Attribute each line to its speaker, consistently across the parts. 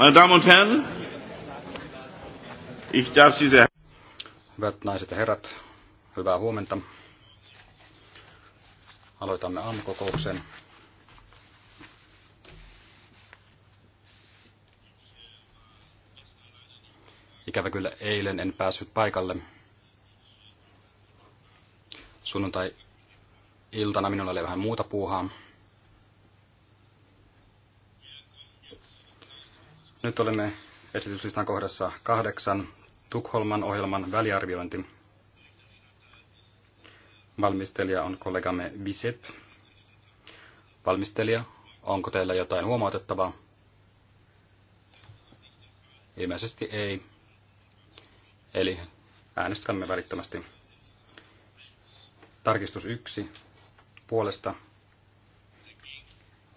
Speaker 1: Meine Damen und Herren, ich
Speaker 2: darf Sie sehr... Hyvät naiset ja herrat, hyvää huomenta. Aloitamme aamukokouksen. Ikävä kyllä eilen en päässyt paikalle. Sunnuntai-iltana minulla oli vähän muuta puuhaa. Nyt olemme esityslistan kohdassa kahdeksan Tukholman ohjelman väliarviointi. Valmistelija on kollegamme Bisep. Valmistelija, onko teillä jotain huomautettavaa? Ilmeisesti ei. Eli äänestämme välittömästi. Tarkistus 1 puolesta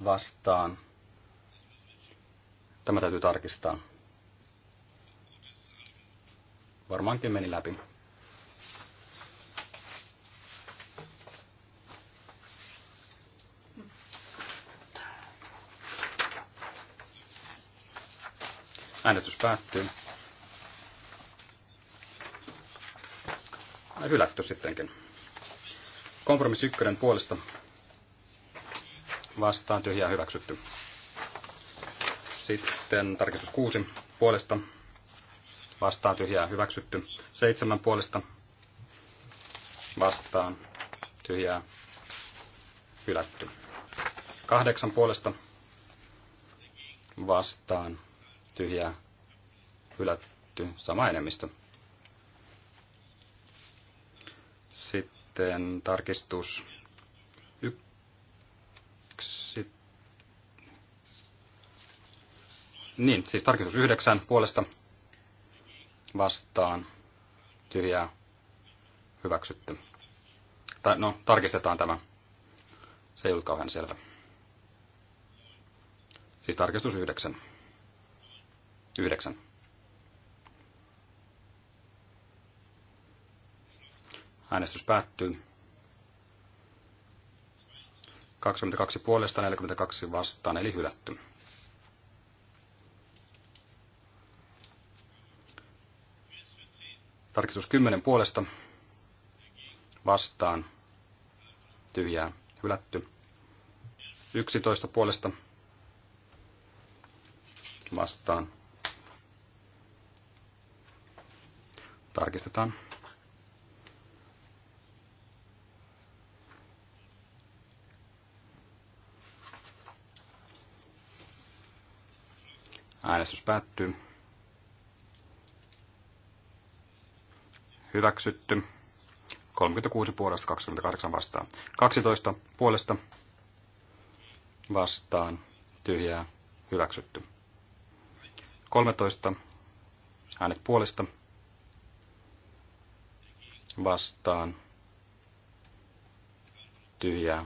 Speaker 2: vastaan Tämä täytyy tarkistaa. Varmaankin meni läpi. Äänestys päättyy. Hylätty sittenkin. Kompromissi ykkönen puolesta vastaan tyhjää hyväksytty. Sitten tarkistus 6 puolesta vastaan tyhjää hyväksytty. 7 puolesta vastaan tyhjää hylätty. 8 puolesta vastaan tyhjää hylätty. Sama enemmistö. Sitten tarkistus Niin, siis tarkistus yhdeksän puolesta vastaan tyhjää hyväksytty. Tai, no, tarkistetaan tämä. Se ei ollut kauhean selvä. Siis tarkistus yhdeksän. Yhdeksän. Äänestys päättyy. 22 puolesta 42 vastaan, eli hylätty. Tarkistus 10 puolesta vastaan tyhjää hylätty. 11 puolesta vastaan. Tarkistetaan. Äänestys päättyy. hyväksytty. 36 puolesta 28 vastaan. 12 puolesta vastaan tyhjää hyväksytty. 13 äänet puolesta vastaan tyhjää.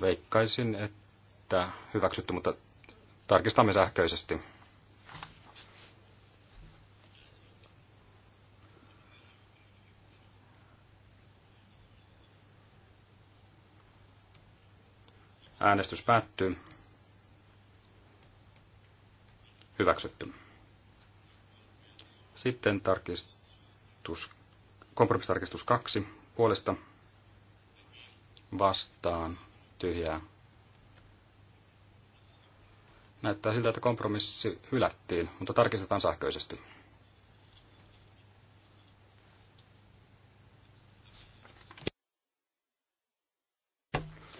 Speaker 2: Veikkaisin, että hyväksytty, mutta tarkistamme sähköisesti. Äänestys päättyy. Hyväksytty. Sitten tarkistus, kompromissitarkistus 2 puolesta vastaan tyhjää. Näyttää siltä, että kompromissi hylättiin, mutta tarkistetaan sähköisesti.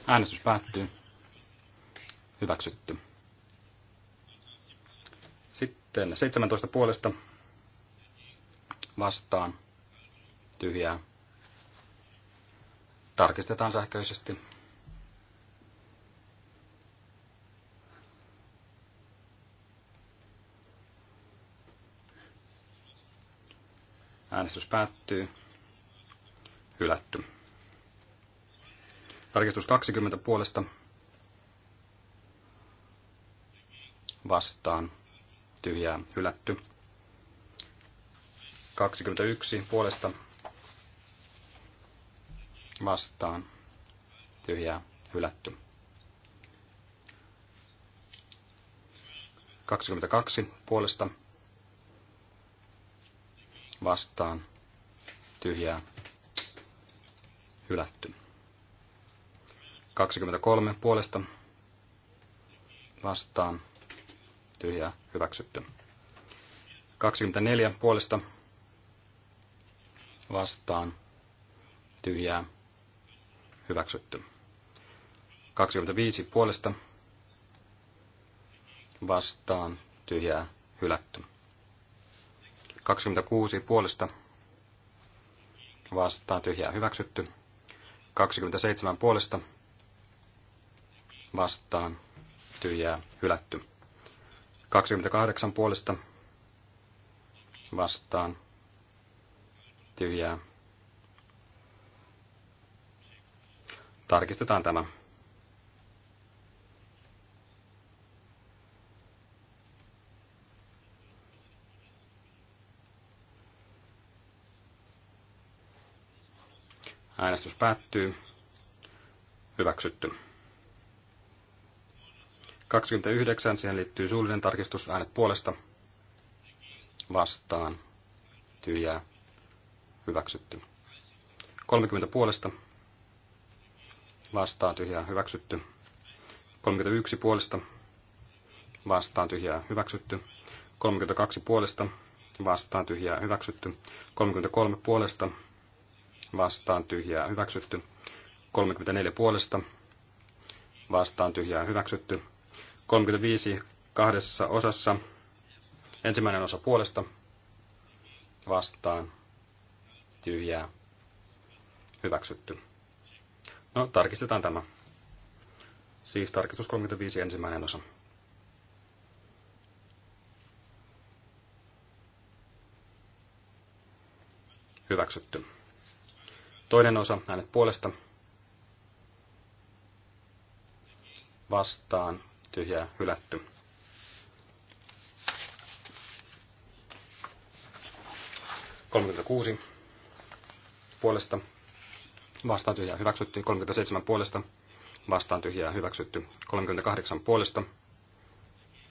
Speaker 2: Äänestys päättyy hyväksytty. Sitten 17 puolesta vastaan tyhjää. Tarkistetaan sähköisesti. Äänestys päättyy. Hylätty. Tarkistus 20 puolesta vastaan tyhjää hylätty. 21 puolesta vastaan tyhjää hylätty. 22 puolesta vastaan tyhjää hylätty. 23 puolesta vastaan tyhjää hyväksytty. 24 puolesta vastaan tyhjää hyväksytty. 25 puolesta vastaan tyhjää hylätty. 26 puolesta vastaan tyhjää hyväksytty. 27 puolesta vastaan tyhjää hylätty. 28 puolesta vastaan tyhjää. Tarkistetaan tämä. Äänestys päättyy. Hyväksytty. 29, siihen liittyy suullinen tarkistus, äänet puolesta, vastaan, tyhjää, hyväksytty. 30 puolesta, vastaan, tyhjää, hyväksytty. 31 puolesta, vastaan, tyhjää, hyväksytty. 32 puolesta, vastaan, tyhjää, hyväksytty. 33 puolesta, vastaan, tyhjää, hyväksytty. 34 puolesta, vastaan, tyhjää, hyväksytty. 35 kahdessa osassa. Ensimmäinen osa puolesta vastaan tyhjää hyväksytty. No, tarkistetaan tämä. Siis tarkistus 35 ensimmäinen osa. Hyväksytty. Toinen osa, äänet puolesta. Vastaan tyhjää hylätty. kuusi puolesta vastaan tyhjää hyväksytty. 37 puolesta vastaan tyhjää hyväksytty. 38 puolesta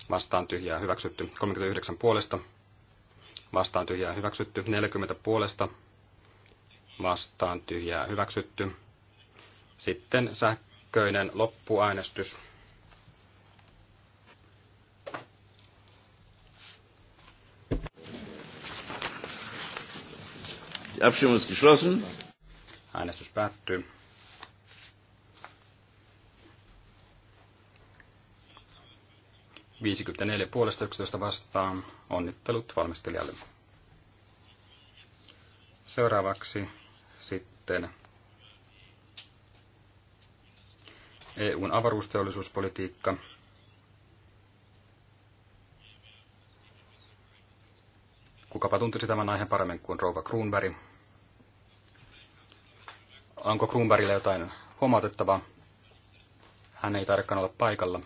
Speaker 2: vastaan tyhjää hyväksytty. 39 puolesta vastaan tyhjää hyväksytty. 40 puolesta vastaan tyhjää hyväksytty. Sitten sähköinen loppuäänestys.
Speaker 1: Abstimmung ist geschlossen.
Speaker 2: Äänestys päättyy. Viisikymmentäneljä puolesta 11 vastaan. Onnittelut valmistelijalle. Seuraavaksi sitten EUn avaruusteollisuuspolitiikka. Kukapa tuntisi tämän aiheen paremmin kuin Rouva Kruunberg. Onko Kruunbergillä jotain huomautettavaa? Hän ei tarkkaan ole paikalla.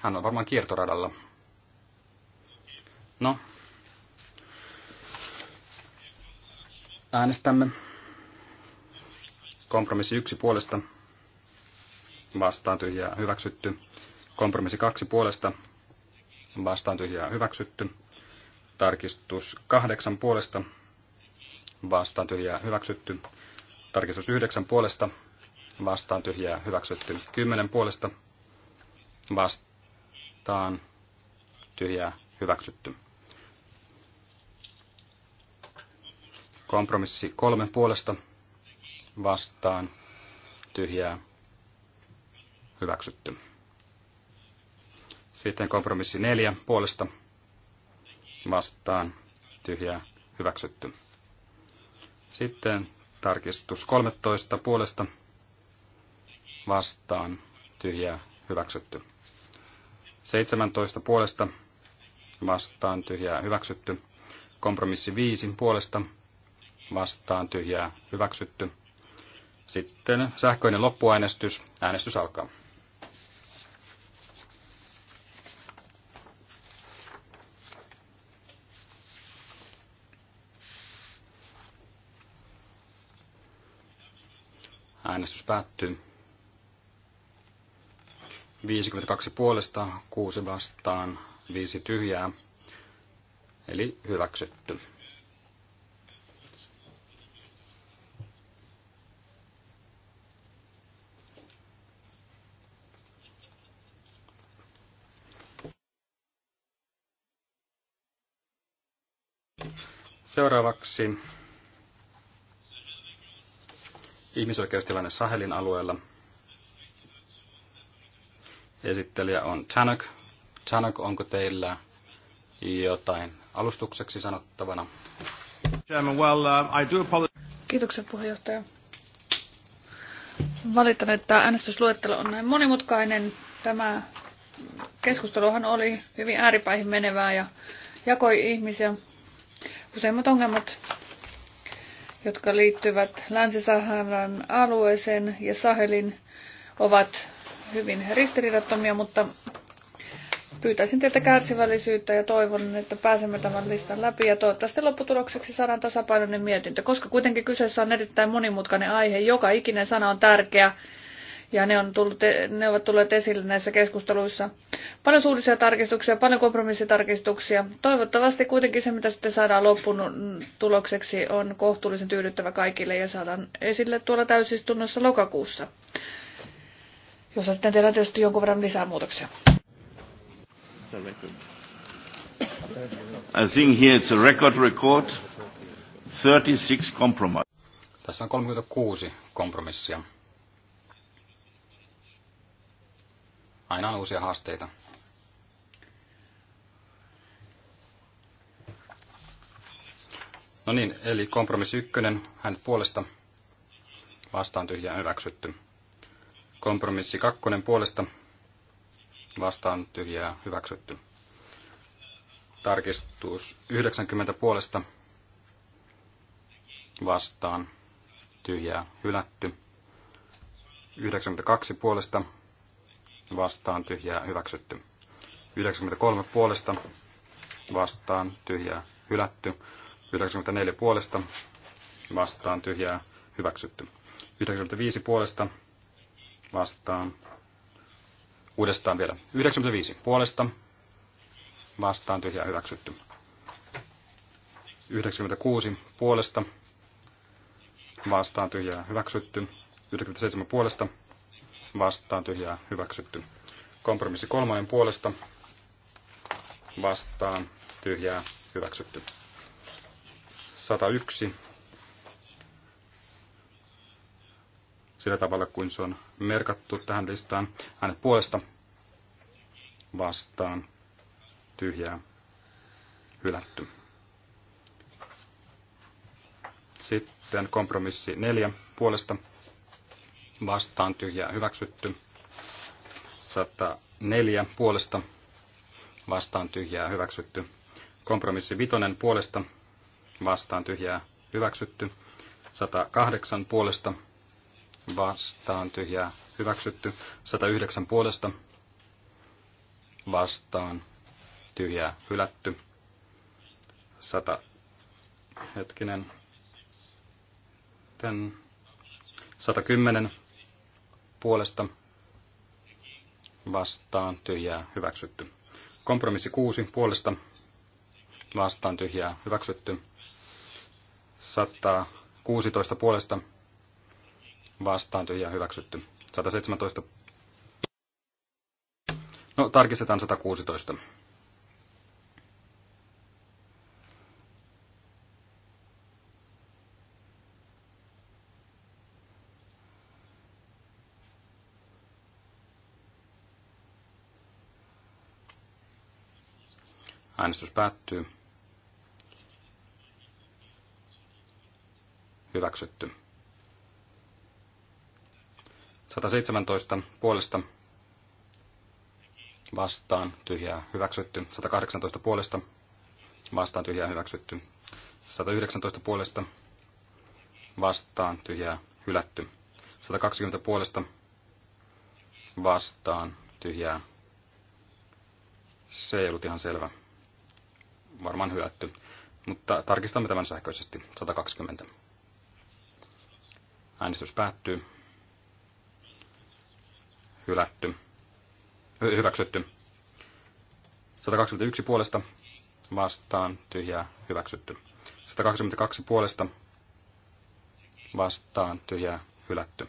Speaker 2: Hän on varmaan kiertoradalla. No. Äänestämme. Kompromissi yksi puolesta. Vastaan tyhjää hyväksytty. Kompromissi kaksi puolesta. Vastaan tyhjää hyväksytty. Tarkistus kahdeksan puolesta vastaan tyhjää hyväksytty. Tarkistus yhdeksän puolesta vastaan tyhjää hyväksytty. Kymmenen puolesta vastaan tyhjää hyväksytty. Kompromissi kolme puolesta vastaan tyhjää hyväksytty. Sitten kompromissi neljä puolesta vastaan tyhjää hyväksytty. Sitten tarkistus 13 puolesta vastaan tyhjää hyväksytty. 17 puolesta vastaan tyhjää hyväksytty. Kompromissi 5 puolesta vastaan tyhjää hyväksytty. Sitten sähköinen loppuäänestys. Äänestys alkaa. Äänestys päättyy. 52 puolesta, 6 vastaan, 5 tyhjää, eli hyväksytty. Seuraavaksi ihmisoikeustilanne Sahelin alueella. Esittelijä on Tanak. Tanak, onko teillä jotain alustukseksi sanottavana? Uh,
Speaker 1: Kiitoksia puheenjohtaja. Valitan, että äänestysluettelo on näin monimutkainen. Tämä keskusteluhan oli hyvin ääripäihin menevää ja jakoi ihmisiä. Useimmat ongelmat jotka liittyvät Länsi-Saharan alueeseen ja Sahelin, ovat hyvin ristiriidattomia, mutta pyytäisin teiltä kärsivällisyyttä ja toivon, että pääsemme tämän listan läpi ja toivottavasti lopputulokseksi saadaan tasapainoinen mietintö, koska kuitenkin kyseessä on erittäin monimutkainen aihe, joka ikinen sana on tärkeä ja ne, on tullut, e- ne ovat tulleet esille näissä keskusteluissa. Paljon suullisia tarkistuksia, paljon kompromissitarkistuksia. Toivottavasti kuitenkin se, mitä sitten saadaan loppuun tulokseksi, on kohtuullisen tyydyttävä kaikille ja saadaan esille tuolla täysistunnossa lokakuussa, jossa sitten tehdään tietysti jonkun verran lisää muutoksia. I think here it's a record record. 36 compromise. Tässä on
Speaker 2: 36 kompromissia. aina on uusia haasteita. No niin, eli kompromissi ykkönen, hän puolesta vastaan tyhjä hyväksytty. Kompromissi kakkonen puolesta vastaan tyhjää hyväksytty. Tarkistus 90 puolesta vastaan tyhjää hylätty. 92 puolesta vastaan tyhjää hyväksytty. 93 puolesta vastaan tyhjää hylätty. 94 puolesta vastaan tyhjää hyväksytty. 95 puolesta vastaan. Uudestaan vielä. 95 puolesta vastaan tyhjää hyväksytty. 96 puolesta vastaan tyhjää hyväksytty. 97 puolesta vastaan tyhjää hyväksytty. Kompromissi kolmonen puolesta vastaan tyhjää hyväksytty. 101 sillä tavalla kuin se on merkattu tähän listaan. Äänet puolesta vastaan tyhjää hylätty. Sitten kompromissi neljä puolesta vastaan tyhjää hyväksytty. 104 puolesta vastaan tyhjää hyväksytty. Kompromissi vitonen puolesta vastaan tyhjää hyväksytty. 108 puolesta vastaan tyhjää hyväksytty. 109 puolesta vastaan tyhjää hylätty. 100 hetkinen. Ten. 110 puolesta vastaan tyhjää hyväksytty. Kompromissi 6 puolesta vastaan tyhjää hyväksytty. 116 puolesta vastaan tyhjää hyväksytty. 117. No tarkistetaan 116. Äänestys päättyy. Hyväksytty. 117 puolesta vastaan tyhjää hyväksytty. 118 puolesta vastaan tyhjää hyväksytty. 119 puolesta vastaan tyhjää hylätty. 120 puolesta vastaan tyhjää. Se ei ollut ihan selvä varmaan hylätty. Mutta tarkistamme tämän sähköisesti. 120. Äänestys päättyy. Hylätty. Hyväksytty. 121 puolesta vastaan tyhjää hyväksytty. 122 puolesta vastaan tyhjää hylätty.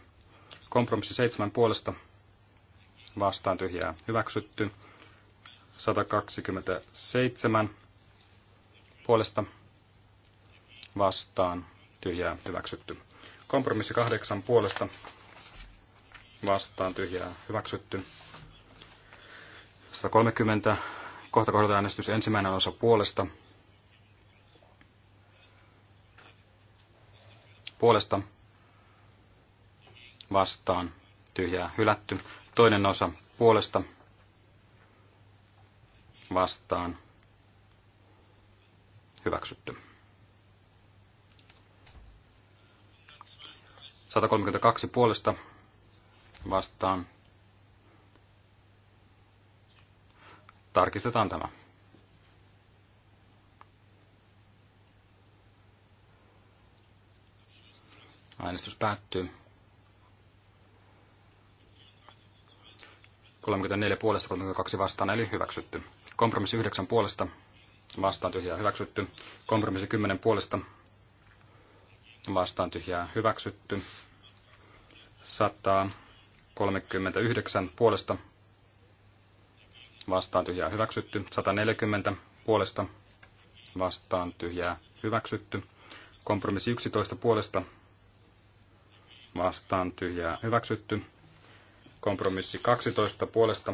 Speaker 2: Kompromissi 7 puolesta vastaan tyhjää hyväksytty. 127 puolesta vastaan tyhjää hyväksytty. Kompromissi kahdeksan puolesta vastaan tyhjää hyväksytty. 130 kohta kohdalta äänestys ensimmäinen osa puolesta. Puolesta vastaan tyhjää hylätty. Toinen osa puolesta vastaan Hyväksytty. 132 puolesta vastaan. Tarkistetaan tämä. Äänestys päättyy. 34 puolesta, 32 vastaan, eli hyväksytty. Kompromissi 9 puolesta vastaan tyhjää hyväksytty. Kompromissi 10 puolesta vastaan tyhjää hyväksytty. 139 puolesta vastaan tyhjää hyväksytty. 140 puolesta vastaan tyhjää hyväksytty. Kompromissi 11 puolesta vastaan tyhjää hyväksytty. Kompromissi 12 puolesta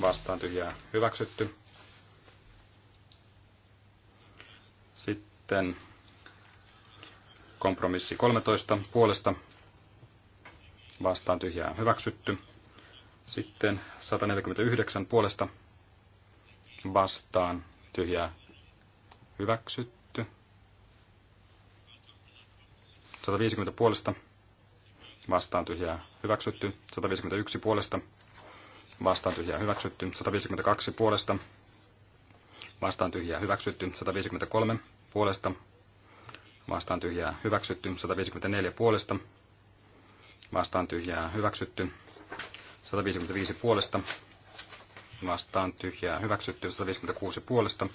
Speaker 2: vastaan tyhjää hyväksytty. Sitten kompromissi 13 puolesta vastaan tyhjää hyväksytty. Sitten 149 puolesta vastaan tyhjää hyväksytty. 150 puolesta vastaan tyhjää hyväksytty. 151 puolesta vastaan tyhjää hyväksytty. 152 puolesta vastaan tyhjää hyväksytty 153 puolesta, vastaan tyhjää hyväksytty 154 puolesta, vastaan tyhjää hyväksytty 155 puolesta, vastaan tyhjää hyväksytty 156 puolesta,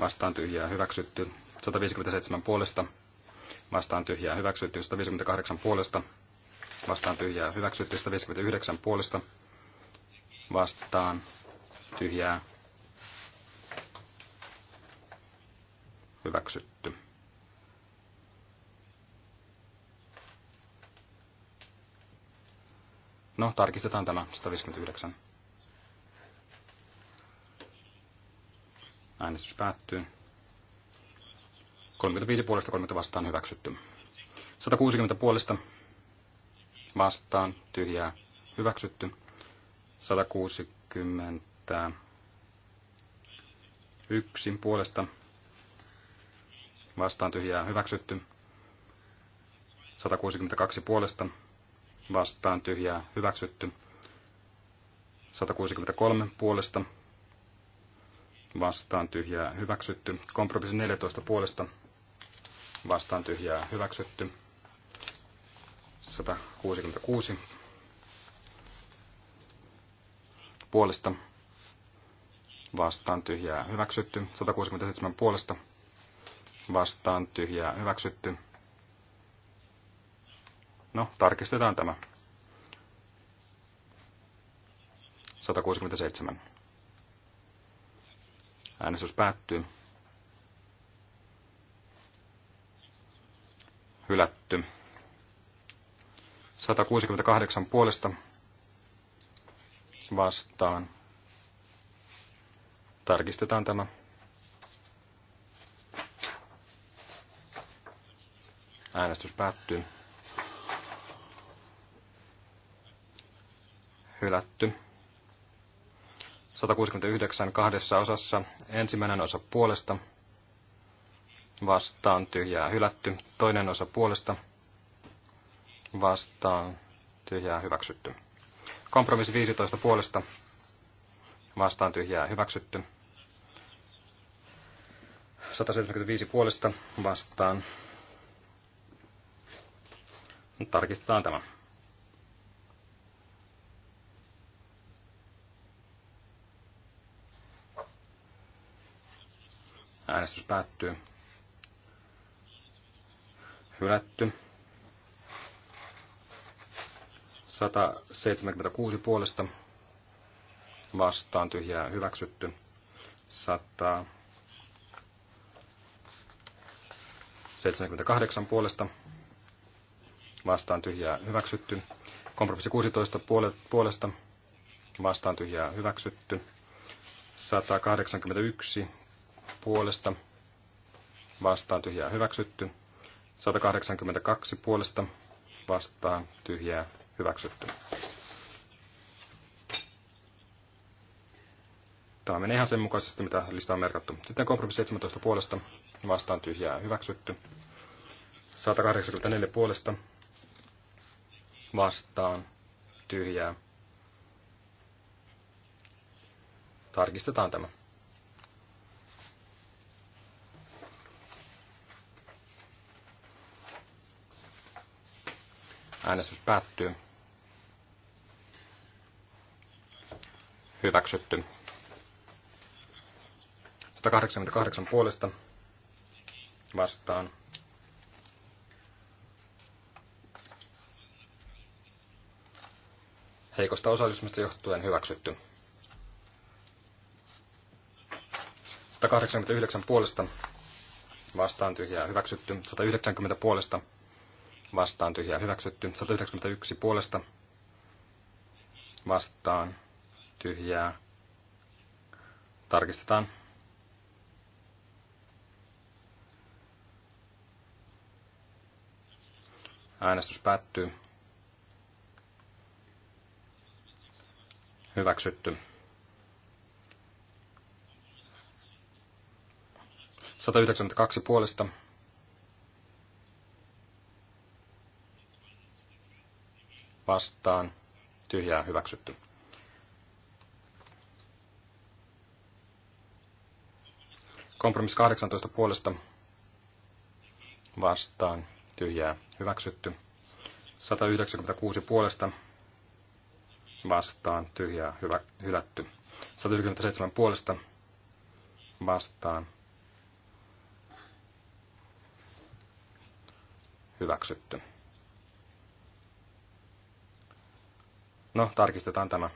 Speaker 2: vastaan tyhjää hyväksytty 157 puolesta, vastaan tyhjää hyväksytty 158 puolesta, vastaan tyhjää hyväksytty 159 puolesta, vastaan tyhjää hyväksytty. No, tarkistetaan tämä 159. Äänestys päättyy. 35 puolesta 30 vastaan hyväksytty. 160 puolesta vastaan tyhjää hyväksytty. 161 puolesta vastaan tyhjää hyväksytty. 162 puolesta vastaan tyhjää hyväksytty. 163 puolesta vastaan tyhjää hyväksytty. Kompromissi 14 puolesta vastaan tyhjää hyväksytty. 166 puolesta vastaan tyhjää hyväksytty. 167 puolesta vastaan tyhjää hyväksytty. No, tarkistetaan tämä. 167. Äänestys päättyy. Hylätty. 168 puolesta vastaan. Tarkistetaan tämä. Äänestys päättyy. Hylätty. 169 kahdessa osassa. Ensimmäinen osa puolesta. Vastaan tyhjää hylätty. Toinen osa puolesta. Vastaan tyhjää hyväksytty. Kompromissi 15 puolesta. Vastaan tyhjää hyväksytty. 175 puolesta vastaan Tarkistetaan tämä. Äänestys päättyy. Hylätty. 176 puolesta vastaan tyhjää hyväksytty. 178 puolesta vastaan tyhjää hyväksytty. Kompromissi 16 puolesta vastaan tyhjää hyväksytty. 181 puolesta vastaan tyhjää hyväksytty. 182 puolesta vastaan tyhjää hyväksytty. Tämä menee ihan sen mukaisesti, mitä lista on merkattu. Sitten kompromissi 17 puolesta vastaan tyhjää hyväksytty. 184 puolesta vastaan tyhjää. Tarkistetaan tämä. Äänestys päättyy. Hyväksytty. 188 puolesta vastaan heikosta osallistumisesta johtuen hyväksytty. 189 puolesta vastaan tyhjää hyväksytty, 190 puolesta vastaan tyhjää hyväksytty, 191 puolesta vastaan tyhjää tarkistetaan. Äänestys päättyy. hyväksytty. 192 puolesta. Vastaan. Tyhjää hyväksytty. Kompromiss 18 puolesta. Vastaan. Tyhjää hyväksytty. 196 puolesta vastaan tyhjää hyvä, hylätty. 197 puolesta vastaan hyväksytty. No, tarkistetaan tämä.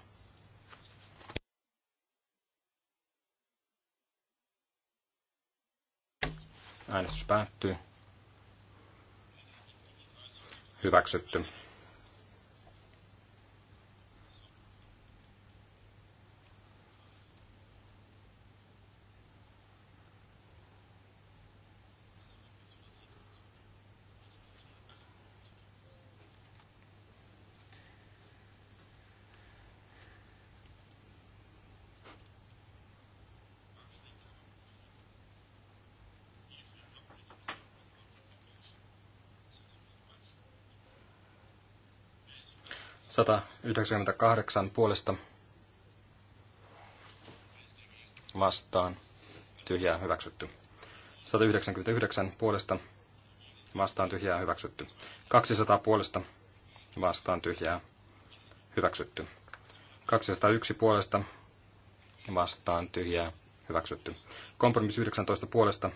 Speaker 2: Äänestys päättyy. Hyväksytty. 198 tota, puolesta vastaan tyhjää hyväksytty. 199 puolesta vastaan tyhjää hyväksytty. 200 puolesta vastaan tyhjää hyväksytty. 201 puolesta vastaan tyhjää hyväksytty. Kompromissi 19 puolesta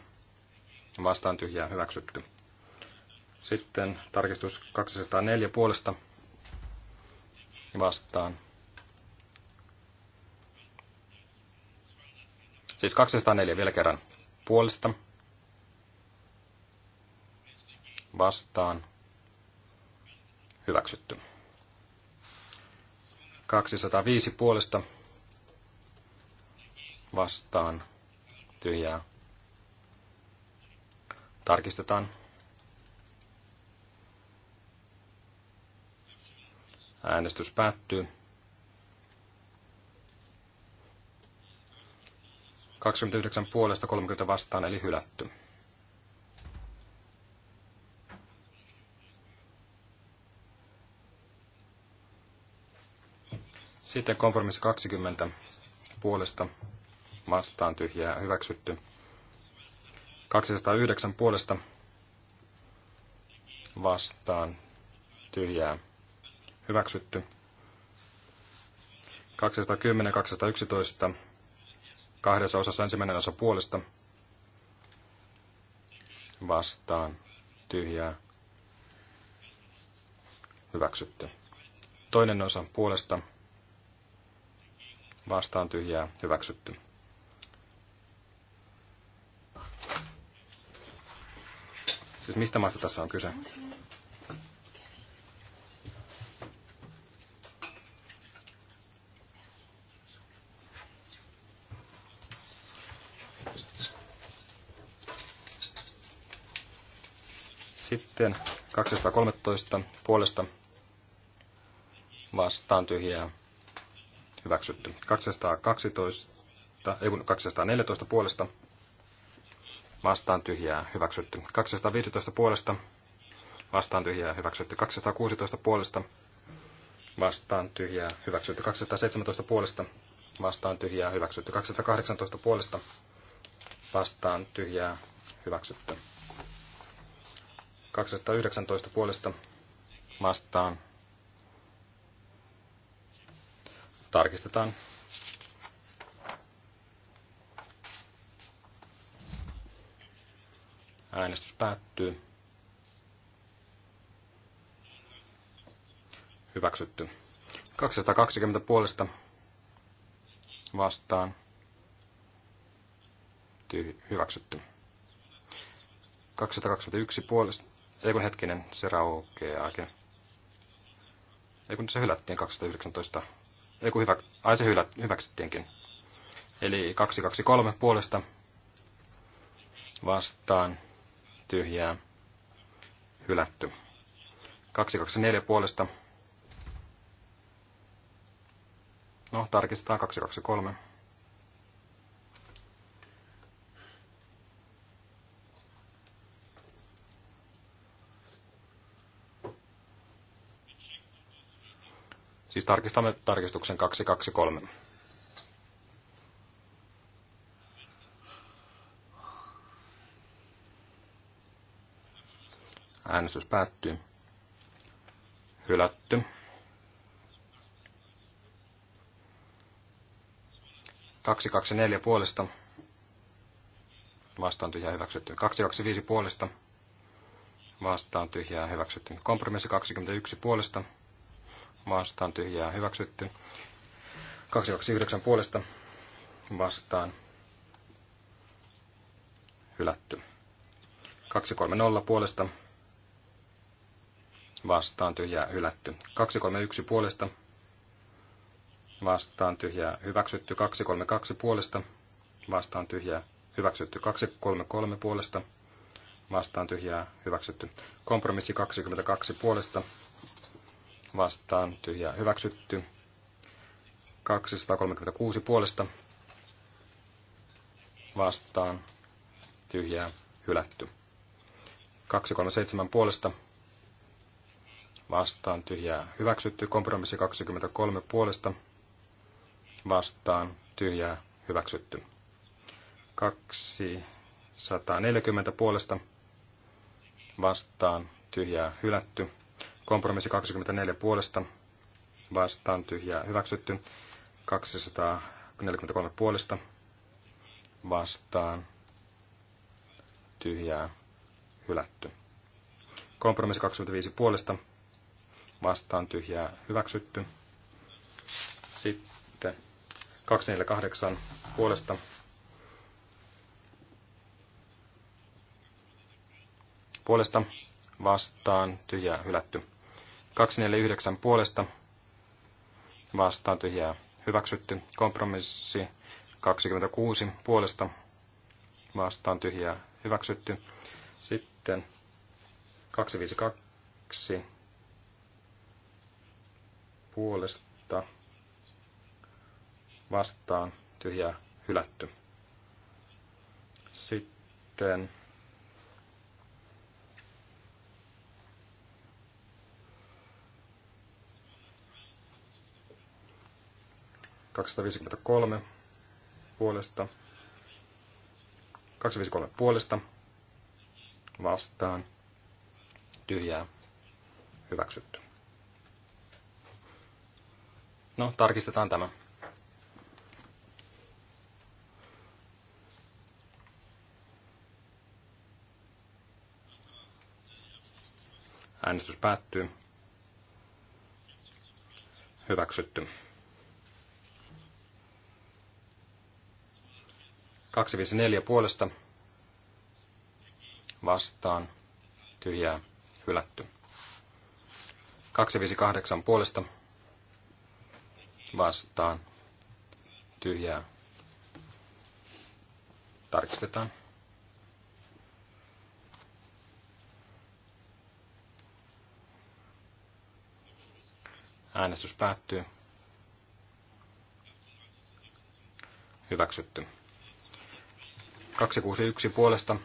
Speaker 2: vastaan tyhjää hyväksytty. Sitten tarkistus 204 puolesta vastaan. Siis 204 vielä kerran puolesta vastaan hyväksytty. 205 puolesta vastaan tyhjää. Tarkistetaan. Äänestys päättyy. 29 puolesta 30 vastaan eli hylätty. Sitten kompromissi 20 puolesta vastaan tyhjää hyväksytty. 209 puolesta vastaan tyhjää Hyväksytty. 210, 211, kahdessa osassa ensimmäinen osa puolesta, vastaan, tyhjää, hyväksytty. Toinen osa puolesta, vastaan, tyhjää, hyväksytty. Siis mistä maasta tässä on kyse? Sitten 213 puolesta vastaan tyhjää hyväksytty. 212, ei kun 214 puolesta vastaan tyhjää hyväksytty. 215 puolesta vastaan tyhjää hyväksytty. 216 puolesta vastaan tyhjää hyväksytty. 217 puolesta vastaan tyhjää hyväksytty. 218 puolesta vastaan tyhjää hyväksytty. 219 puolesta vastaan. Tarkistetaan. Äänestys päättyy. Hyväksytty. 220 puolesta vastaan. Tyhy, hyväksytty. 221 puolesta ei kun hetkinen, se raukeaakin. Ei kun se hylättiin 2019. Ei kun hyvä, ai se hylä, hyväksyttiinkin. Eli 223 puolesta vastaan tyhjää hylätty. 224 puolesta. No, tarkistetaan 223. Siis tarkistamme tarkistuksen 223. Äänestys päättyy. Hylätty. Kaksi kaksi neljä puolesta. Vastaan tyhjää hyväksytty. Kaksi kaksi viisi puolesta. Vastaan tyhjää hyväksytty. Kompromissi 21 puolesta vastaan tyhjää hyväksytty. 229 puolesta vastaan hylätty. 230 puolesta vastaan tyhjää hylätty. 231 puolesta vastaan tyhjää hyväksytty. 232 puolesta vastaan tyhjää hyväksytty. 233 puolesta vastaan tyhjää hyväksytty. Kompromissi 22 puolesta vastaan tyhjää hyväksytty. 236 puolesta vastaan tyhjää hylätty. 237 puolesta vastaan tyhjää hyväksytty. Kompromissi 23 puolesta vastaan tyhjää hyväksytty. 240 puolesta vastaan tyhjää hylätty. Kompromissi 24 puolesta vastaan tyhjää hyväksytty. 243 puolesta vastaan tyhjää hylätty. Kompromissi 25 puolesta vastaan tyhjää hyväksytty. Sitten 248 puolesta puolesta vastaan tyhjää hylätty. 249 puolesta vastaan tyhjää hyväksytty. Kompromissi 26 puolesta vastaan tyhjää hyväksytty. Sitten 252 puolesta vastaan tyhjää hylätty. Sitten 253 puolesta. 253 puolesta vastaan tyhjää hyväksytty. No, tarkistetaan tämä. Äänestys päättyy. Hyväksytty. 254 puolesta vastaan tyhjää hylätty. 258 puolesta vastaan tyhjää tarkistetaan. Äänestys päättyy. Hyväksytty. 261 puolesta.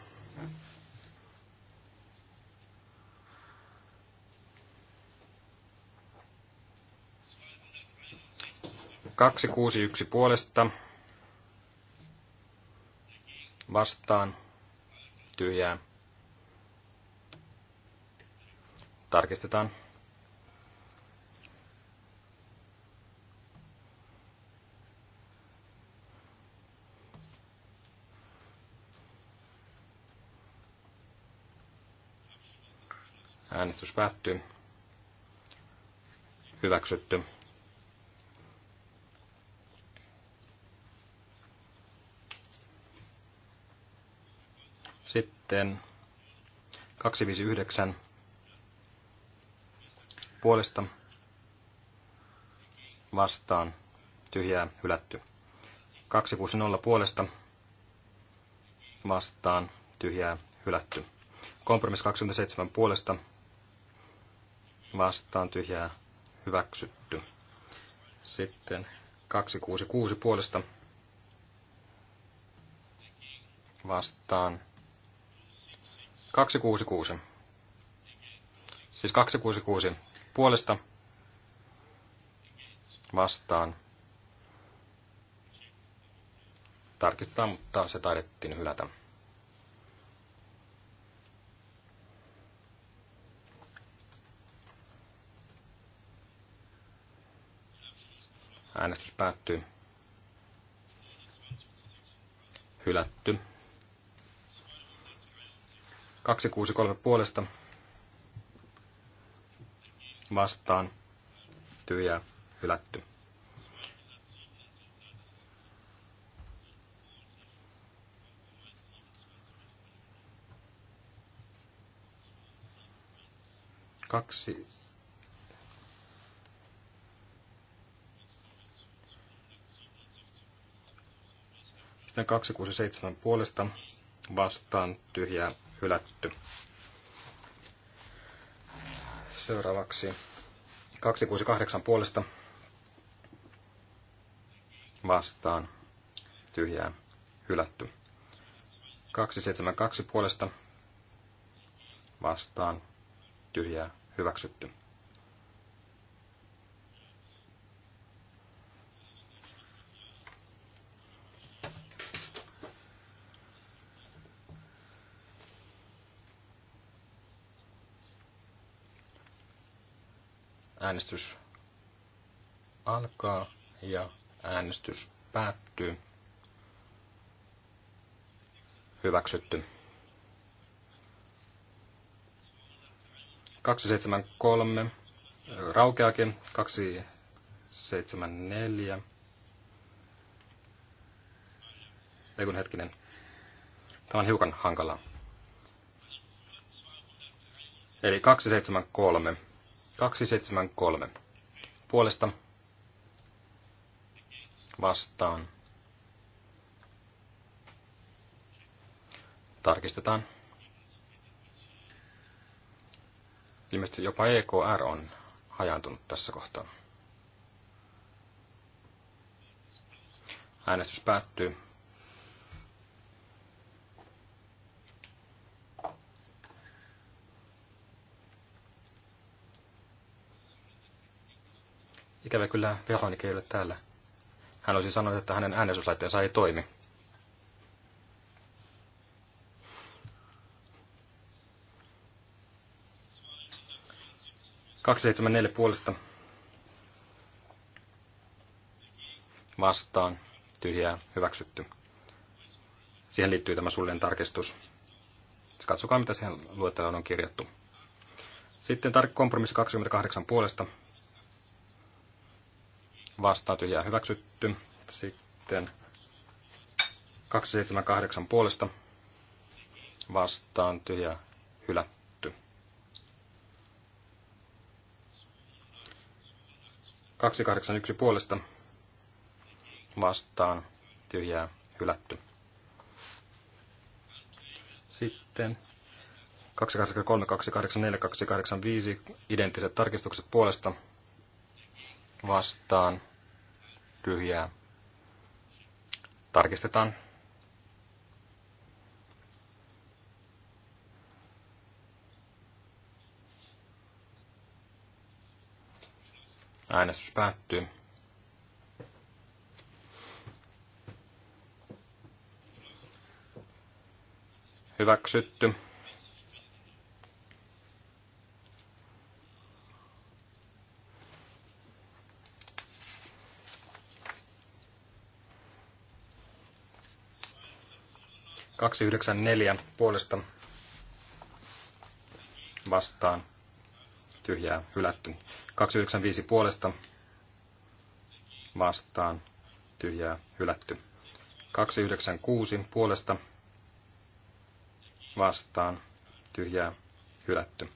Speaker 2: Kaksi kuusi yksi puolesta vastaan tyhjää. Tarkistetaan. Äänestys päättyy. Hyväksytty. Sitten 259 puolesta vastaan tyhjää hylätty. 260 puolesta vastaan tyhjää hylätty. Kompromiss 27 puolesta vastaan tyhjää hyväksytty. Sitten 266 puolesta vastaan 266. Siis 266 puolesta vastaan. Tarkistetaan, mutta se taidettiin hylätä. Äänestys päättyy. Hylätty. 263 puolesta. Vastaan. Tyhjää. Hylätty. Kaksi, Sitten 267 puolesta vastaan tyhjää hylätty. Seuraavaksi 268 puolesta vastaan tyhjää hylätty. 272 puolesta vastaan tyhjää hyväksytty. Äänestys alkaa ja äänestys päättyy. Hyväksytty. 273 raukeakin 274. Ei kun hetkinen. Tämä on hiukan hankalaa. Eli 273 273. Puolesta vastaan. Tarkistetaan. Ilmeisesti jopa EKR on hajaantunut tässä kohtaa. Äänestys päättyy. Ikävä kyllä Veronika ei ole täällä. Hän olisi sanonut, että hänen äänestyslaitteensa ei toimi. Kaksi seitsemän neljä puolesta. Vastaan. Tyhjää. Hyväksytty. Siihen liittyy tämä suljen tarkistus. Katsokaa, mitä siihen luetteloon on kirjattu. Sitten kompromissi 28 puolesta vastaan tyhjää hyväksytty. Sitten 278 puolesta vastaan tyhjää hylätty. 281 puolesta vastaan tyhjää hylätty. Sitten 283, 284, 285 identtiset tarkistukset puolesta vastaan tyhjää. Tarkistetaan. Äänestys päättyy. Hyväksytty. 294 puolesta vastaan tyhjää hylätty. 295 puolesta vastaan tyhjää hylätty. 296 puolesta vastaan tyhjää hylätty.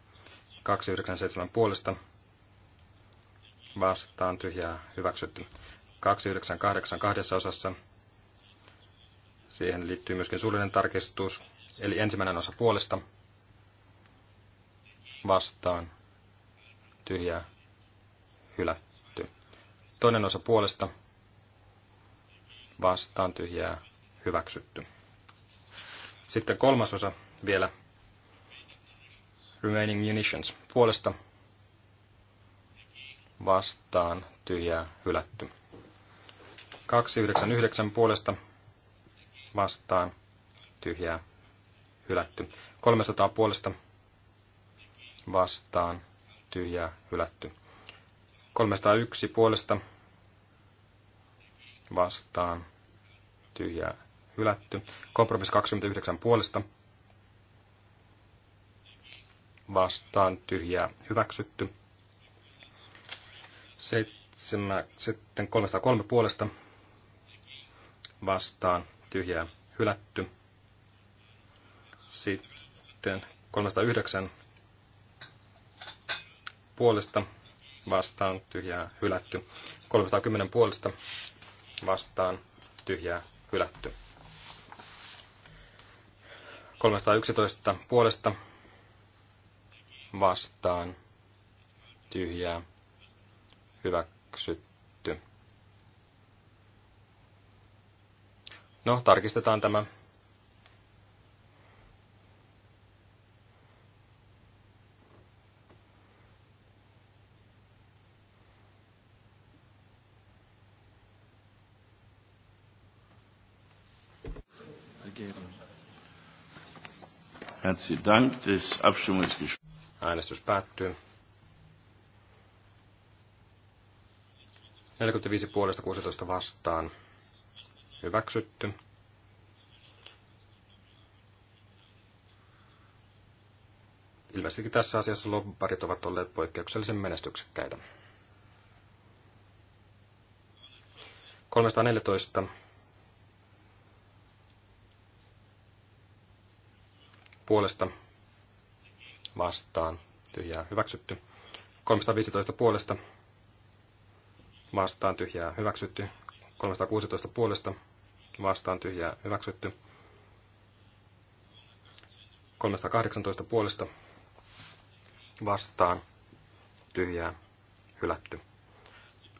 Speaker 2: 297 puolesta vastaan tyhjää hyväksytty. 298 kahdessa osassa Siihen liittyy myöskin suullinen tarkistus, eli ensimmäinen osa puolesta vastaan tyhjää hylätty. Toinen osa puolesta vastaan tyhjää hyväksytty. Sitten kolmas osa vielä remaining munitions puolesta vastaan tyhjää hylätty. 299 puolesta vastaan tyhjää hylätty. 300 puolesta vastaan tyhjää hylätty. 301 puolesta vastaan tyhjää hylätty. Kompromiss 29 puolesta vastaan tyhjää hyväksytty. sitten 303 puolesta vastaan tyhjää hylätty. Sitten 309 puolesta vastaan tyhjää hylätty. 310 puolesta vastaan tyhjää hylätty. 311 puolesta vastaan tyhjää hyväksytty No, tarkistetaan tämä.
Speaker 1: Äänestys päättyy.
Speaker 2: 45 puolesta 16 vastaan hyväksytty. Ilmeisesti tässä asiassa lobbarit ovat olleet poikkeuksellisen menestyksekkäitä. 314 puolesta vastaan tyhjää hyväksytty. 315 puolesta vastaan tyhjää hyväksytty. 316 puolesta vastaan tyhjää hyväksytty. 318 puolesta vastaan tyhjää hylätty.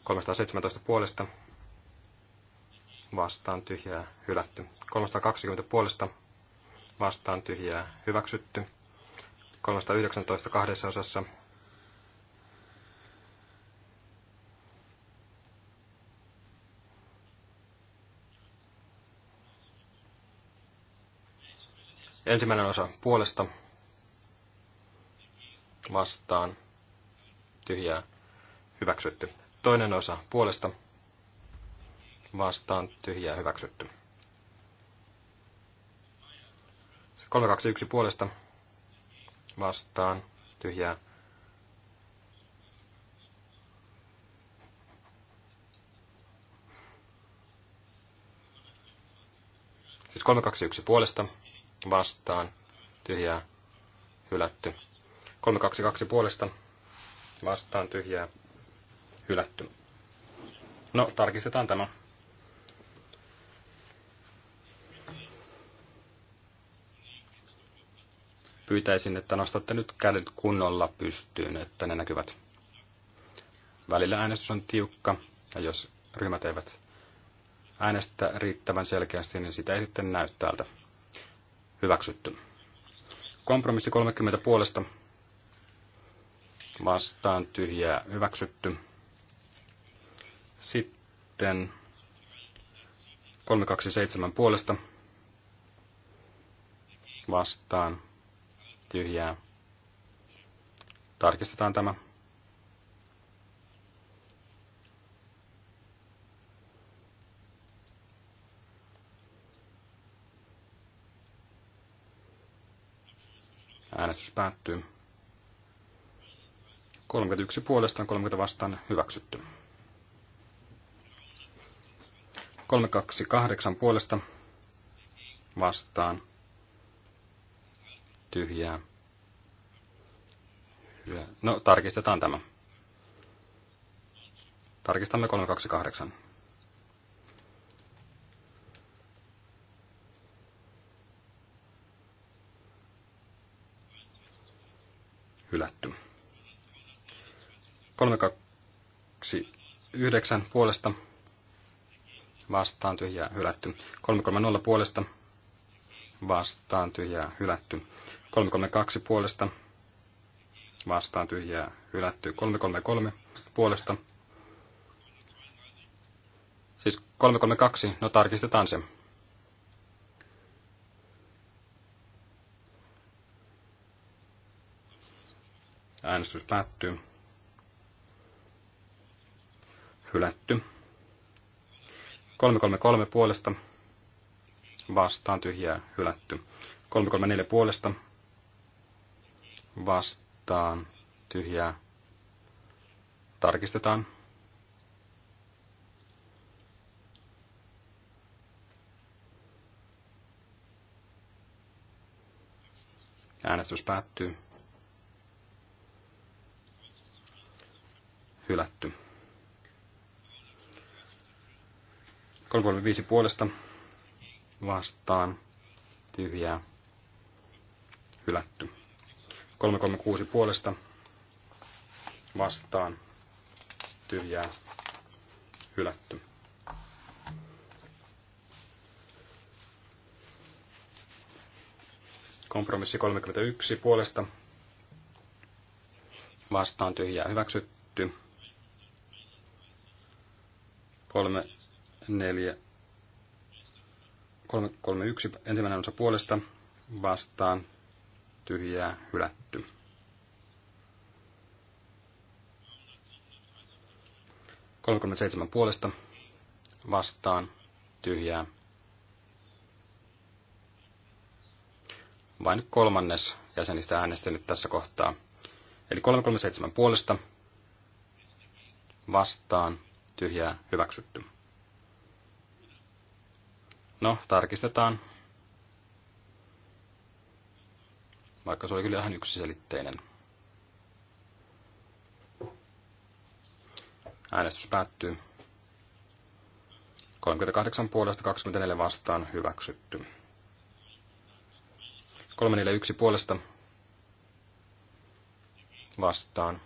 Speaker 2: 317 puolesta vastaan tyhjää hylätty. 320 puolesta vastaan tyhjää hyväksytty. 319 kahdessa osassa Ensimmäinen osa puolesta vastaan tyhjää hyväksytty. Toinen osa puolesta vastaan tyhjää hyväksytty. 321 puolesta vastaan tyhjää Siis 321 puolesta vastaan, tyhjää, hylätty. 322 puolesta vastaan, tyhjää, hylätty. No, tarkistetaan tämä. Pyytäisin, että nostatte nyt kädet kunnolla pystyyn, että ne näkyvät. Välillä äänestys on tiukka, ja jos ryhmät eivät äänestä riittävän selkeästi, niin sitä ei sitten näy täältä. Hyväksytty. Kompromissi 30 puolesta vastaan tyhjää hyväksytty. Sitten 327 puolesta vastaan tyhjää. Tarkistetaan tämä. Äänestys päättyy. 31 puolesta 30 vastaan hyväksytty. 328 puolesta vastaan tyhjää. No, tarkistetaan tämä. Tarkistamme 328. 329 puolesta vastaan tyhjää hylätty. 330 puolesta vastaan tyhjää hylätty. 332 puolesta vastaan tyhjää hylätty. 333 puolesta. Siis 332, no tarkistetaan se. Äänestys päättyy hylätty. 333 puolesta vastaan tyhjää hylätty. 334 puolesta vastaan tyhjää tarkistetaan. Äänestys päättyy. Hylätty. 335 puolesta vastaan tyhjää hylätty. 336 puolesta vastaan tyhjää hylätty. Kompromissi 31 puolesta vastaan tyhjää hyväksytty. 3 4, 3, 3, 1, ensimmäinen osa puolesta vastaan tyhjää hylätty. seitsemän puolesta vastaan tyhjää. Vain kolmannes jäsenistä äänestänyt tässä kohtaa. Eli 337 puolesta vastaan tyhjää hyväksytty. No, tarkistetaan. Vaikka se oli kyllä ihan yksiselitteinen. Äänestys päättyy. 38 puolesta 24 vastaan hyväksytty. 341 puolesta vastaan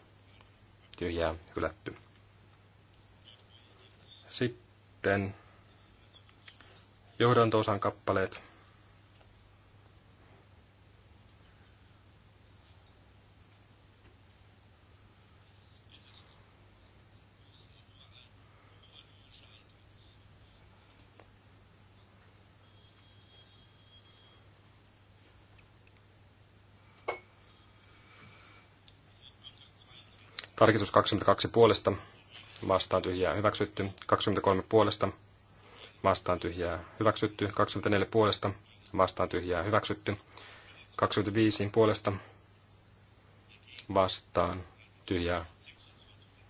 Speaker 2: tyhjää hylätty. Sitten johdantoosan kappaleet. Tarkistus 22 puolesta, vastaan tyhjää hyväksytty, 23 puolesta, vastaan tyhjää hyväksytty, 24 puolesta vastaan tyhjää hyväksytty, 25 puolesta vastaan tyhjää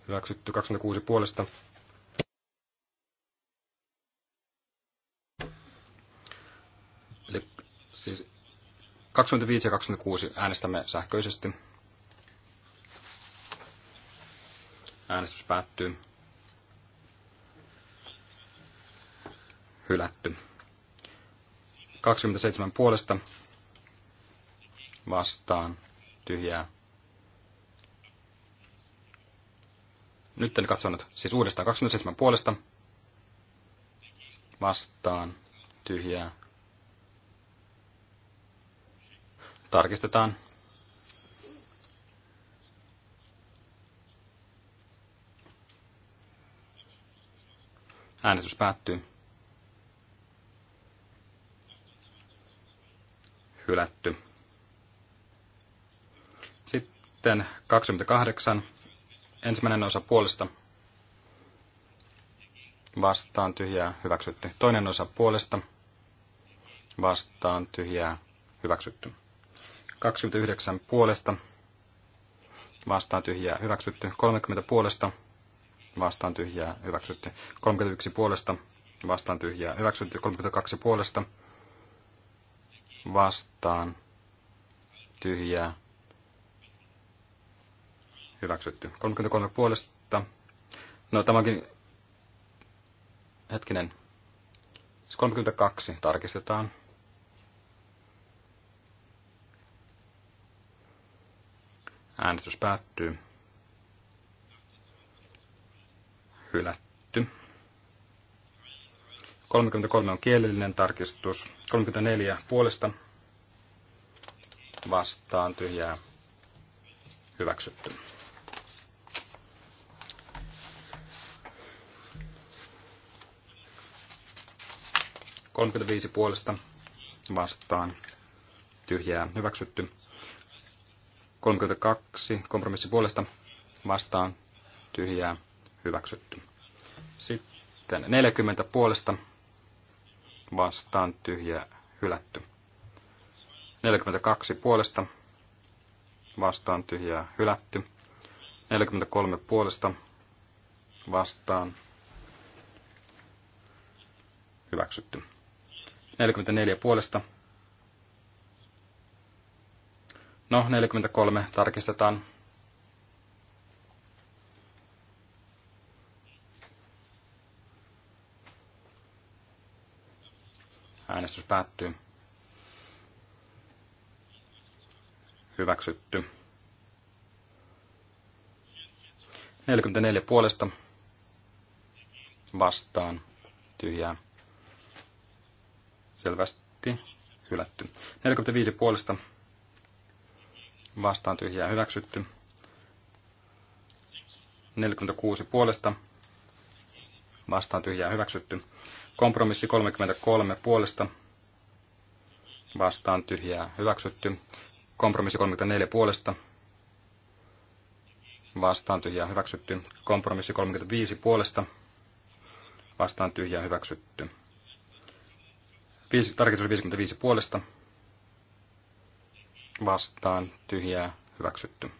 Speaker 2: hyväksytty, 26 puolesta Eli siis 25 ja 26 äänestämme sähköisesti. Äänestys päättyy. hylätty. 27 puolesta vastaan tyhjää. Nyt en katsonut, siis uudestaan 27 puolesta vastaan tyhjää. Tarkistetaan. Äänestys päättyy. hylätty. Sitten 28, ensimmäinen osa puolesta vastaan tyhjää hyväksytty. Toinen osa puolesta vastaan tyhjää hyväksytty. 29 puolesta vastaan tyhjää hyväksytty. 30 puolesta vastaan tyhjää hyväksytty. 31 puolesta vastaan tyhjää hyväksytty. 32 puolesta vastaan tyhjää hyväksytty. 33 puolesta. No tämäkin hetkinen. 32 siis tarkistetaan. Äänestys päättyy. Hylätty. 33 on kielellinen tarkistus. 34 puolesta vastaan tyhjää hyväksytty. Kolmekymmentäviisi puolesta vastaan tyhjää hyväksytty. 32 kompromissi puolesta vastaan tyhjää hyväksytty. Sitten 40 puolesta vastaan tyhjä hylätty. 42 puolesta vastaan tyhjää hylätty. 43 puolesta vastaan hyväksytty. 44 puolesta. No, 43 tarkistetaan. Äänestys päättyy. Hyväksytty. 44 puolesta vastaan tyhjää. Selvästi hylätty. 45 puolesta vastaan tyhjää hyväksytty. 46 puolesta vastaan tyhjää hyväksytty. Kompromissi 33 puolesta vastaan tyhjää hyväksytty. Kompromissi 34 puolesta vastaan tyhjää hyväksytty. Kompromissi 35 puolesta vastaan tyhjää hyväksytty. tarkistus 55 puolesta vastaan tyhjää hyväksytty.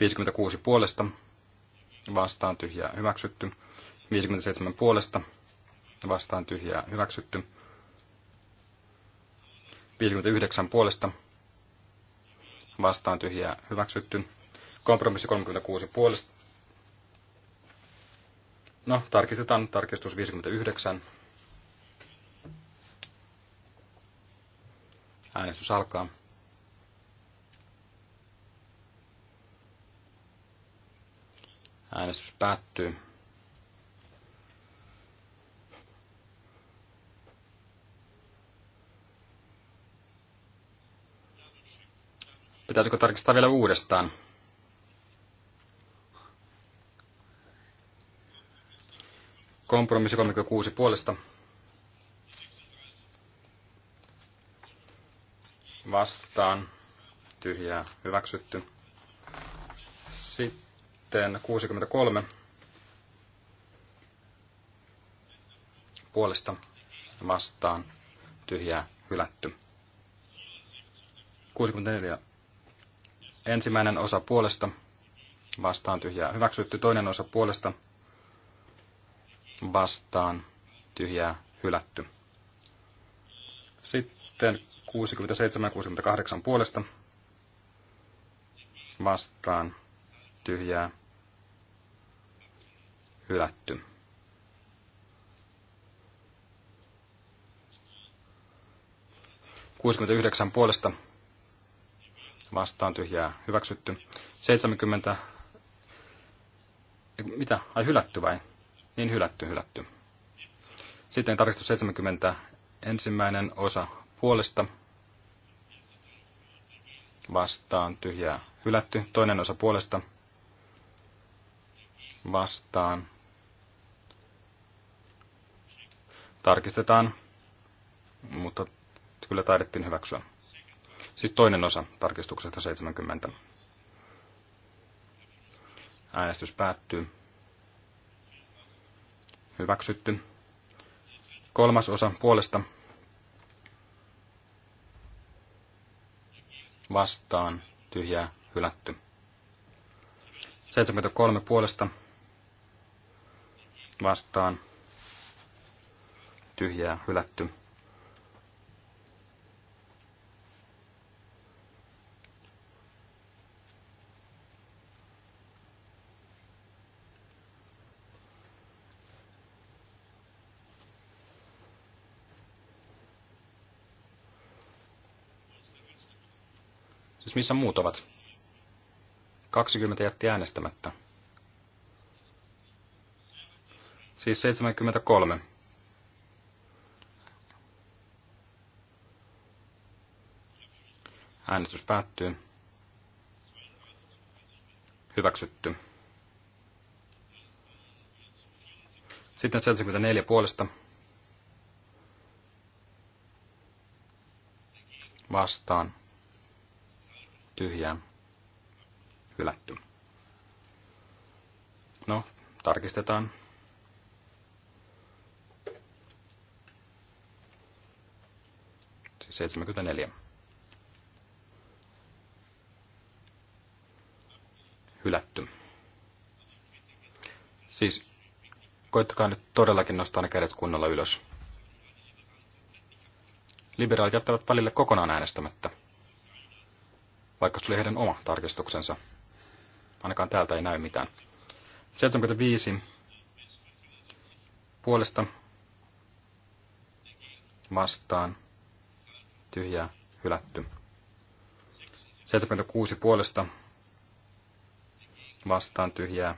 Speaker 2: 56 puolesta vastaan tyhjää hyväksytty. 57 puolesta vastaan tyhjää hyväksytty. 59 puolesta vastaan tyhjää hyväksytty. Kompromissi 36 puolesta. No, tarkistetaan tarkistus 59. Äänestys alkaa. Äänestys päättyy. Pitäisikö tarkistaa vielä uudestaan? Kompromissi 36 puolesta. Vastaan. Tyhjää. Hyväksytty. Sitten 63 puolesta vastaan tyhjää hylätty. 64 Ensimmäinen osa puolesta vastaan tyhjää hyväksytty. Toinen osa puolesta vastaan tyhjää hylätty. Sitten 67-68 puolesta vastaan tyhjää hylätty. yhdeksän puolesta vastaan tyhjää hyväksytty. 70, eh, mitä, ai hylätty vai? Niin hylätty, hylätty. Sitten tarkistus 70, ensimmäinen osa puolesta vastaan tyhjää hylätty, toinen osa puolesta vastaan. Tarkistetaan, mutta kyllä taidettiin hyväksyä. Siis toinen osa tarkistuksesta 70. Äänestys päättyy. Hyväksytty. Kolmas osa puolesta. Vastaan. Tyhjää. Hylätty. 73 puolesta. Vastaan. Tyhjää. Hylätty. Siis missä muut ovat? 20 jätti äänestämättä. Siis 73. Äänestys päättyy. Hyväksytty. Sitten 74 puolesta. Vastaan tyhjää hylätty. No, tarkistetaan. Siis 74. Hylätty. Siis koittakaa nyt todellakin nostaa ne kädet kunnolla ylös. Liberaalit jättävät välille kokonaan äänestämättä vaikka se oli heidän oma tarkistuksensa. Ainakaan täältä ei näy mitään. 75 puolesta vastaan tyhjää hylätty. 76 puolesta vastaan tyhjää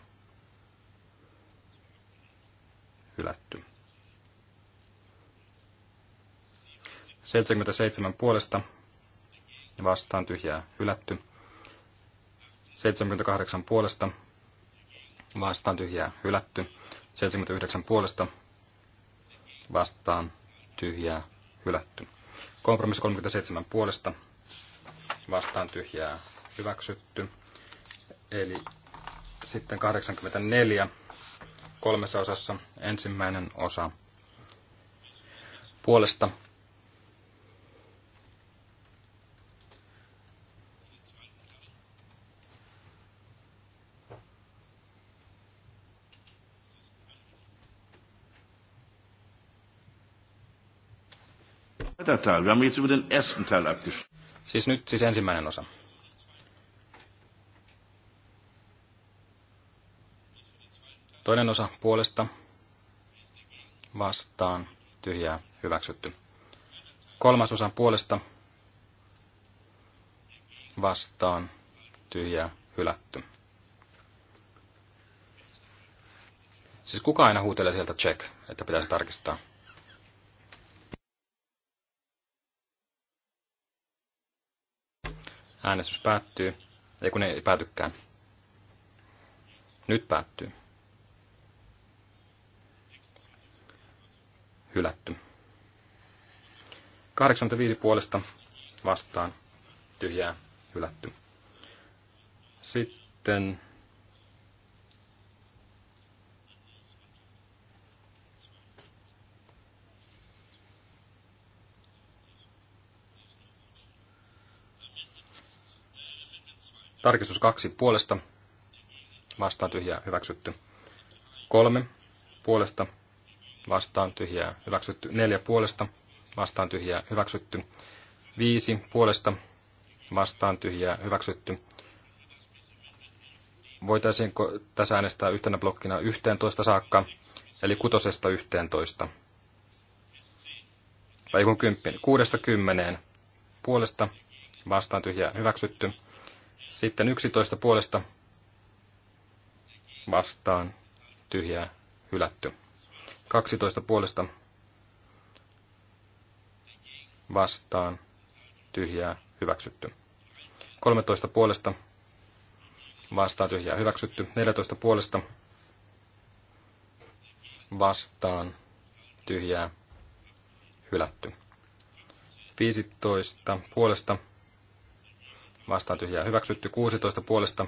Speaker 2: hylätty. 77 puolesta vastaan tyhjää hylätty. 78 puolesta vastaan tyhjää hylätty. 79 puolesta vastaan tyhjää hylätty. Kompromissi 37 puolesta vastaan tyhjää hyväksytty. Eli sitten 84 kolmessa osassa ensimmäinen osa puolesta
Speaker 1: zweiter Teil. Wir haben jetzt über den ersten Teil Siis nyt
Speaker 2: siis ensimmäinen osa. Toinen osa puolesta vastaan tyhjää hyväksytty. Kolmas osa puolesta vastaan tyhjää hylätty. Siis kuka aina huutelee sieltä check, että pitäisi tarkistaa? Äänestys päättyy. Ei kun ei päätykään. Nyt päättyy. Hylätty. 85 puolesta vastaan tyhjää hylätty. Sitten Tarkistus kaksi puolesta vastaan tyhjää hyväksytty. Kolme puolesta vastaan tyhjää hyväksytty. Neljä puolesta vastaan tyhjää hyväksytty. Viisi puolesta vastaan tyhjää hyväksytty. Voitaisiinko tässä äänestää yhtenä blokkina 11 saakka, eli kutosesta 11? Vai kun kymppinen, kuudesta kymmeneen puolesta vastaan tyhjää hyväksytty. Sitten 11 puolesta vastaan tyhjää hylätty. 12 puolesta vastaan tyhjää hyväksytty. 13 puolesta vastaan tyhjää hyväksytty. 14 puolesta vastaan tyhjää hylätty. 15 puolesta vastaan tyhjää hyväksytty, 16 puolesta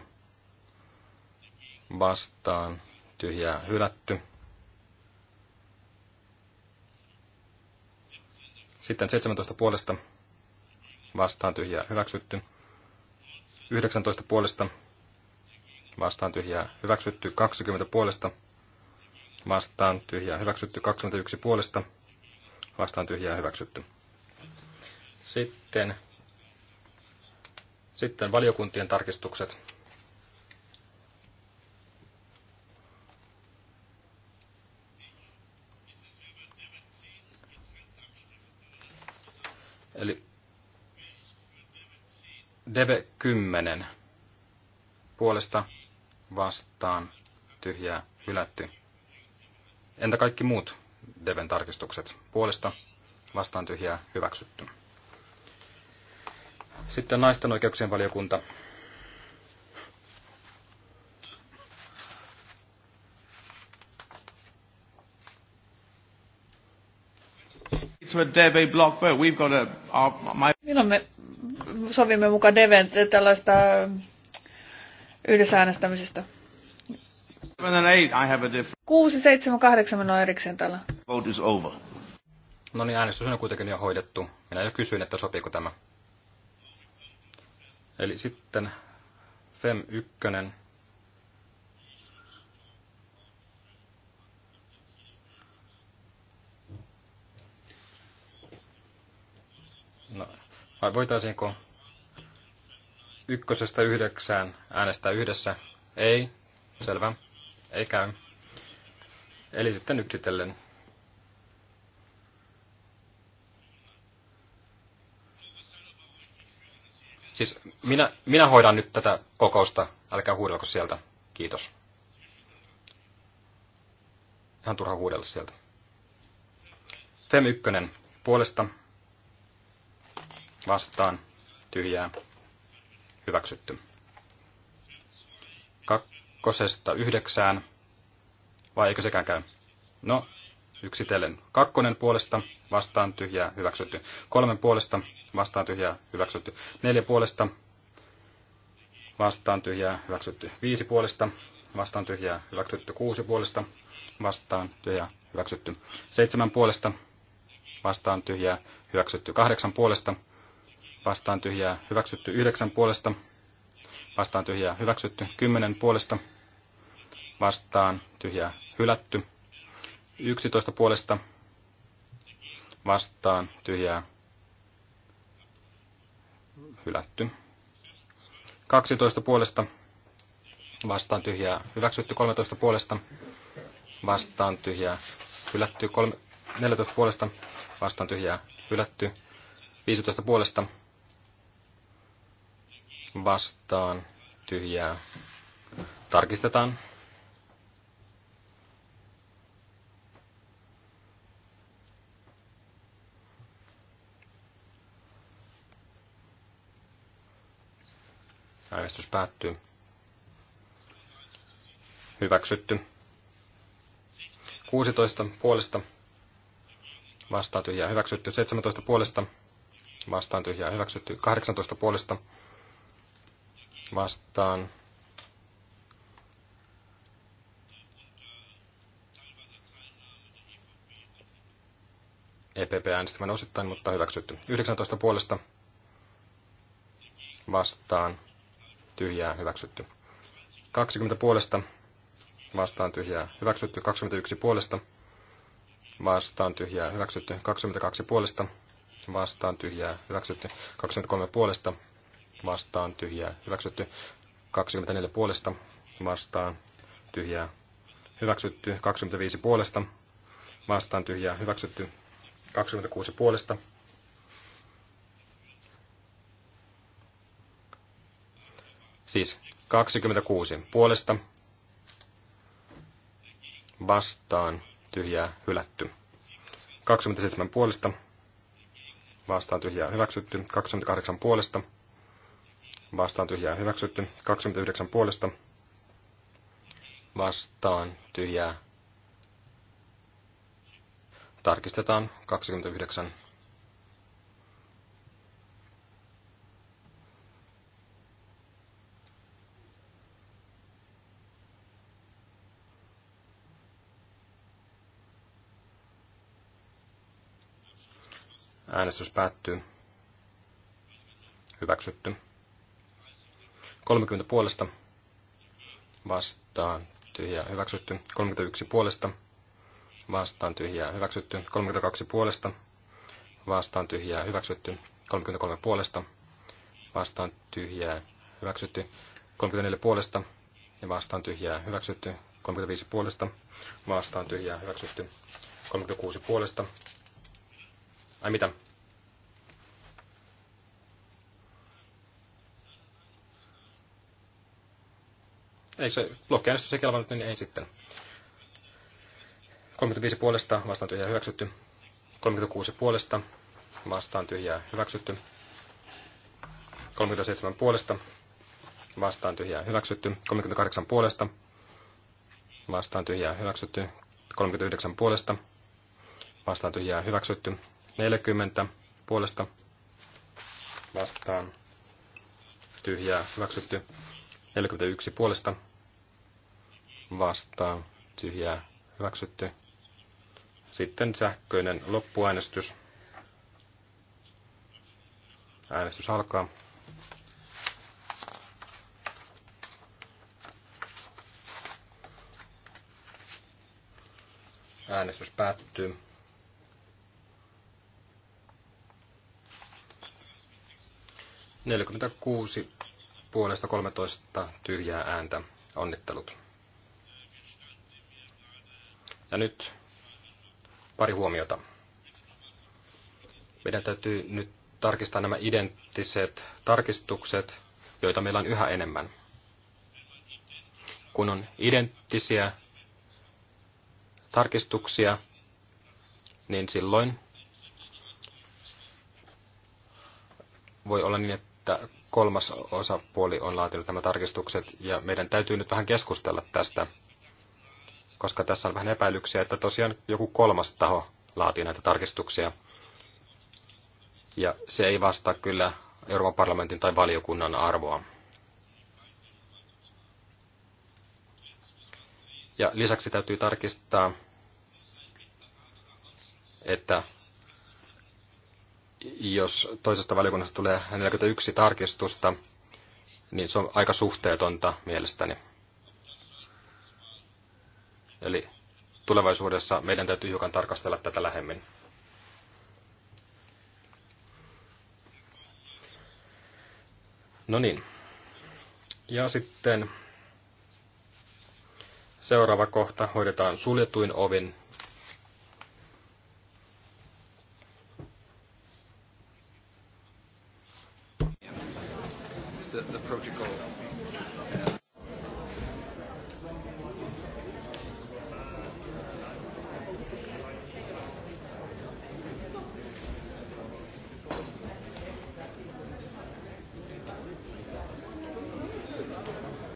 Speaker 2: vastaan tyhjää hylätty. Sitten 17 puolesta vastaan tyhjää hyväksytty. 19 puolesta vastaan tyhjää hyväksytty. 20 puolesta vastaan tyhjää hyväksytty. 21 puolesta vastaan tyhjää hyväksytty. Sitten sitten valiokuntien tarkistukset. Eli db 10 puolesta vastaan tyhjää hylätty. Entä kaikki muut Deven tarkistukset? Puolesta vastaan tyhjää hyväksytty. Sitten naisten oikeuksien valiokunta.
Speaker 1: Milloin me sovimme mukaan Deven tällaista äh, yhdessä äänestämisestä? 6, 7, 8 on erikseen täällä.
Speaker 2: No niin, äänestys on kuitenkin jo hoidettu. Minä jo kysyin, että sopiiko tämä. Eli sitten FEM 1. No, vai voitaisiinko ykkösestä yhdeksään äänestää yhdessä? Ei. Selvä. Ei käy. Eli sitten yksitellen. Siis minä, minä hoidan nyt tätä kokousta, älkää huudelko sieltä. Kiitos. Ihan turha huudella sieltä. Fem 1 puolesta vastaan tyhjää hyväksytty. Kakkosesta yhdeksään, vai eikö sekään käy? No, yksitellen. Kakkonen puolesta vastaan tyhjää hyväksytty. Kolmen puolesta vastaan tyhjää hyväksytty. Neljä puolesta vastaan tyhjää hyväksytty. Viisi puolesta vastaan tyhjää hyväksytty. Kuusi puolesta vastaan tyhjää hyväksytty. Seitsemän puolesta vastaan tyhjää hyväksytty. Kahdeksan puolesta vastaan tyhjää hyväksytty. Yhdeksän puolesta vastaan tyhjää hyväksytty. Kymmenen puolesta vastaan tyhjää hylätty. Yksitoista puolesta vastaan tyhjää hylätty. 12 puolesta vastaan tyhjää hyväksytty, 13 puolesta vastaan tyhjää hylätty, 14 puolesta vastaan tyhjää hylätty, 15 puolesta vastaan tyhjää tarkistetaan. Äänestys päättyy. Hyväksytty. 16 puolesta vastaan tyhjää hyväksytty. 17 puolesta vastaan tyhjää hyväksytty. 18 puolesta vastaan EPP äänestämään osittain, mutta hyväksytty. 19 puolesta vastaan tyhjää hyväksytty. 20 puolesta vastaan tyhjää hyväksytty. 21 puolesta vastaan tyhjää hyväksytty. 22 puolesta vastaan tyhjää hyväksytty. 23 puolesta vastaan tyhjää hyväksytty. 24 puolesta vastaan tyhjää hyväksytty. 25 puolesta vastaan tyhjää hyväksytty. 26 puolesta Siis 26 puolesta vastaan tyhjää hylätty. 27 puolesta vastaan tyhjää hyväksytty. 28 puolesta vastaan tyhjää hyväksytty. 29 puolesta vastaan tyhjää. Tarkistetaan 29 Äänestys päättyy. Hyväksytty. 30 puolesta vastaan tyhjää hyväksytty. 31 puolesta vastaan tyhjää hyväksytty. 32 puolesta vastaan tyhjää hyväksytty. 33 puolesta vastaan tyhjää hyväksytty. 34 puolesta ja vastaan tyhjää hyväksytty. 35 puolesta vastaan tyhjää hyväksytty. 36 puolesta. Ai mitä? ei se blokkiäänestys ei kelvannut, niin ei sitten. 35 puolesta vastaan tyhjää hyväksytty. 36 puolesta vastaan tyhjää hyväksytty. 37 puolesta vastaan tyhjää hyväksytty. 38 puolesta vastaan tyhjää hyväksytty. 39 puolesta vastaan tyhjää hyväksytty. 40 puolesta vastaan tyhjää hyväksytty. 41 puolesta vastaan tyhjää hyväksytty. Sitten sähköinen loppuäänestys. Äänestys alkaa. Äänestys päättyy. Neljäkymmentäkuusi puolesta 13 tyhjää ääntä. Onnittelut. Ja nyt pari huomiota. Meidän täytyy nyt tarkistaa nämä identtiset tarkistukset, joita meillä on yhä enemmän. Kun on identtisiä tarkistuksia, niin silloin voi olla niin, että kolmas osapuoli on laatinut nämä tarkistukset, ja meidän täytyy nyt vähän keskustella tästä, koska tässä on vähän epäilyksiä, että tosiaan joku kolmas taho laatii näitä tarkistuksia, ja se ei vastaa kyllä Euroopan parlamentin tai valiokunnan arvoa. Ja lisäksi täytyy tarkistaa, että jos toisesta valiokunnasta tulee 41 tarkistusta, niin se on aika suhteetonta mielestäni. Eli tulevaisuudessa meidän täytyy hiukan tarkastella tätä lähemmin. No niin. Ja sitten seuraava kohta hoidetaan suljetuin ovin